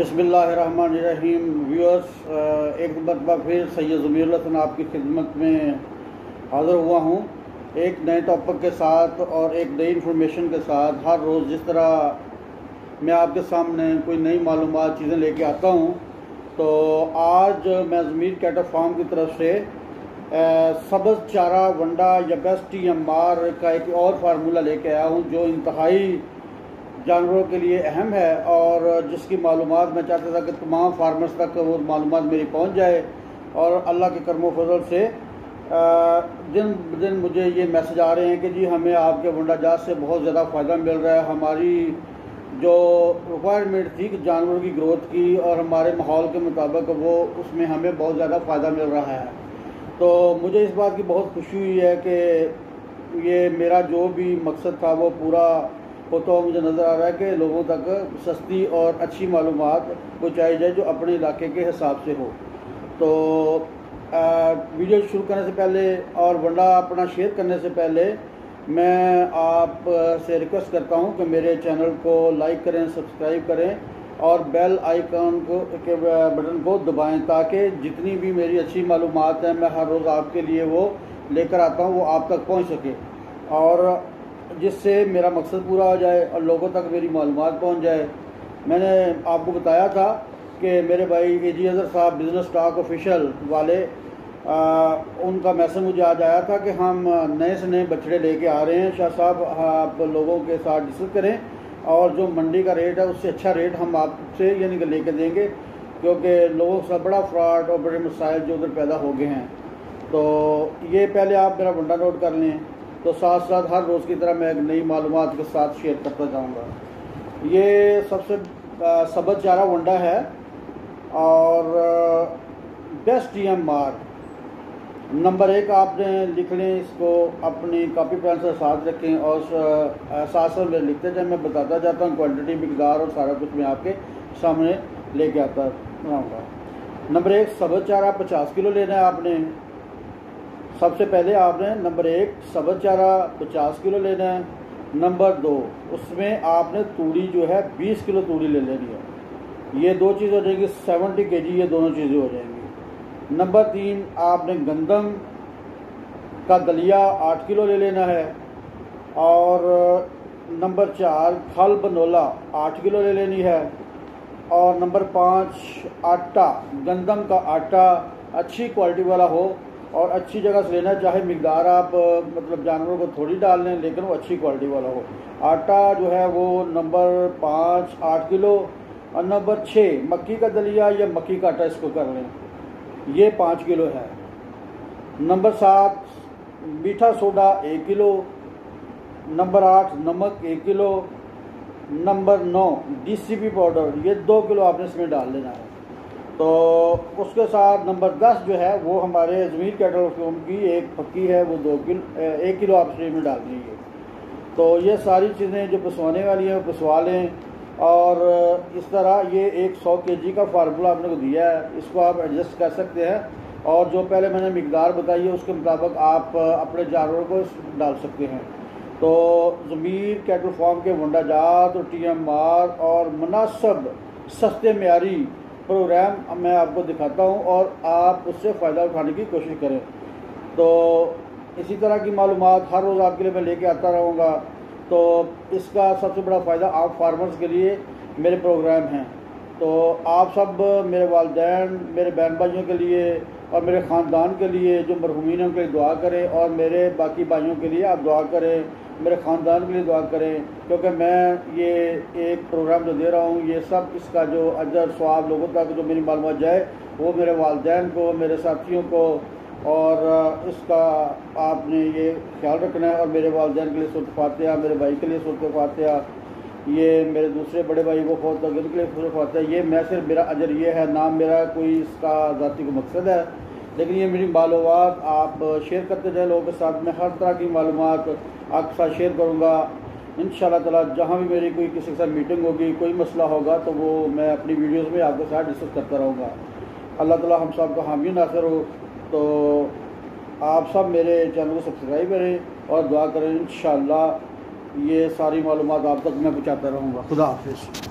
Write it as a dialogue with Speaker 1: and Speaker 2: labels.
Speaker 1: रहीम viewers एक मरतबा फिर सैयद ज़मीरसन आपकी खिदमत में हाज़िर हुआ हूँ एक नए टॉपिक के साथ और एक नई इन्फॉर्मेशन के साथ हर रोज़ जिस तरह मैं आपके सामने कोई नई मालूम चीज़ें लेके आता हूँ तो आज मैं ज़मीर कैटर फार्म की तरफ से सब्ज़ चारा वंडा या बेस्ट टी एम आर का एक और फार्मूला लेके आया हूँ जो इंतहाई जानवरों के लिए अहम है और जिसकी मालूम मैं चाहता था कि तमाम फार्मर्स तक वो मालूम मेरी पहुँच जाए और अल्लाह के कर्मो फजल से दिन दिन मुझे ये मैसेज आ रहे हैं कि जी हमें आपके वंडा जात से बहुत ज़्यादा फ़ायदा मिल रहा है हमारी जो रिक्वायरमेंट थी कि जानवरों की ग्रोथ की और हमारे माहौल के मुताबिक वो उसमें हमें बहुत ज़्यादा फ़ायदा मिल रहा है तो मुझे इस बात की बहुत खुशी हुई है कि ये मेरा जो भी मकसद था वो पूरा वो तो मुझे नज़र आ रहा है कि लोगों तक सस्ती और अच्छी मालूम पहुँचाई जाए जो अपने इलाके के हिसाब से हो तो आ, वीडियो शुरू करने से पहले और वंडा अपना शेयर करने से पहले मैं आप से रिक्वेस्ट करता हूं कि मेरे चैनल को लाइक करें सब्सक्राइब करें और बेल आइकन को के बटन को दबाएं ताकि जितनी भी मेरी अच्छी मालूम है मैं हर रोज़ आपके लिए वो लेकर आता हूं वो आप तक पहुंच सके और जिससे मेरा मकसद पूरा हो जाए और लोगों तक मेरी मालूम पहुँच जाए मैंने आपको बताया था कि मेरे भाई ए जी अजहर साहब बिज़नेस स्टॉक ऑफिशल वाले आ, उनका मैसेज मुझे आज आया था कि हम नए से नए बछड़े लेके आ रहे हैं शाह साहब आप लोगों के साथ डिस्कस करें और जो मंडी का रेट है उससे अच्छा रेट हम आपसे यानी कि लेके देंगे क्योंकि लोगों का बड़ा फ्रॉड और बड़े मसाइल जो उधर पैदा हो गए हैं तो ये पहले आप मेरा वंडा नोट कर लें तो साथ साथ हर रोज़ की तरह मैं एक नई मालूम के साथ शेयर करता जाऊँगा ये सबसे सबज चारा वंडा है और best D M R number एक आपने लिख लें इसको अपनी कॉपी पेन से साथ रखें और साथ साथ में लिखते जाए मैं बताता जाता हूँ क्वांटिटी मिकदार और सारा कुछ मैं आपके सामने लेके आता रहूँगा नंबर एक सबज चारा पचास किलो लेना है आपने सबसे पहले आपने नंबर एक सबज चारा पचास किलो लेना है नंबर दो उसमें आपने तूड़ी जो है बीस किलो तूड़ी ले लेनी है ये दो चीज़ हो जाएगी सेवेंटी के जी ये दोनों चीज़ें हो जाएंगी नंबर तीन आपने गंदम का दलिया आठ किलो ले लेना है और नंबर चार खल बनोला आठ किलो ले लेनी है और नंबर पाँच आटा गंदम का आटा अच्छी क्वालिटी वाला हो और अच्छी जगह से लेना चाहे मिकदार आप मतलब जानवरों को थोड़ी डाल लें लेकिन वो अच्छी क्वालिटी वाला हो आटा जो है वो नंबर पाँच आठ किलो और नंबर छः मक्की का दलिया या मक्की का आटा इसको कर लें ये पाँच किलो है नंबर सात मीठा सोडा एक किलो नंबर आठ नमक एक किलो नंबर नौ डी पाउडर ये दो किलो आपने इसमें डाल देना है तो उसके साथ नंबर दस जो है वो हमारे अजमीर कैटल फ्लूम की एक पक्की है वो दो किलो एक किलो आप स्ट्रीम में डाल दीजिए तो ये सारी चीज़ें जो पसवाने वाली हैं वो पसवा लें और इस तरह ये एक सौ के जी का फार्मूला आपने को दिया है इसको आप एडजस्ट कर सकते हैं और जो पहले मैंने मकदार बताई है उसके मुताबिक आप अपने जानवरों को डाल सकते हैं तो ज़मीर कैटल फार्म के वंडाजात और टी एम आर और मुनासब सस्ते मीरी प्रोग्राम मैं आपको दिखाता हूँ और आप उससे फ़ायदा उठाने की कोशिश करें तो इसी तरह की मालूम हर रोज़ आपके लिए मैं लेके आता रहूँगा तो इसका सबसे बड़ा फ़ायदा आप फार्मर्स के लिए मेरे प्रोग्राम हैं तो आप सब मेरे वालदेन मेरे बहन भाइयों के लिए और मेरे ख़ानदान के लिए जो मरहूमिन उनके लिए दुआ करें और मेरे बाकी भाइयों के लिए आप दुआ करें मेरे ख़ानदान के लिए दुआ करें क्योंकि मैं ये एक प्रोग्राम जो दे रहा हूँ ये सब इसका जो अजर स्वाब लोगों तक जो मेरी मालूम जाए वो मेरे वालदेन को मेरे साथियों को और इसका आपने ये ख्याल रखना है और मेरे वालदेन के लिए सुरत मेरे भाई के लिए सुरत ये मेरे दूसरे बड़े भाई को फौत कर बिल्कुल खुश फौत है ये मैं सिर्फ मेरा अजर ये है नाम मेरा कोई इसका ज़ाती को मकसद है लेकिन ये मेरी मालूम आप शेयर करते जाए लोगों के साथ मैं हर तरह की मालूम आपके साथ शेयर करूँगा इन ताला जहाँ भी मेरी कोई किसी के साथ मीटिंग होगी कोई मसला होगा तो वो मैं अपनी वीडियोस में आपके साथ डिस्कस करता रहूँगा अल्लाह ताला हम सब को हामी नासर हो तो आप सब मेरे चैनल को सब्सक्राइब करें और दुआ करें इन ये सारी मालूम आप तक मैं पहुँचाता रहूँगा खुदा हाफिज़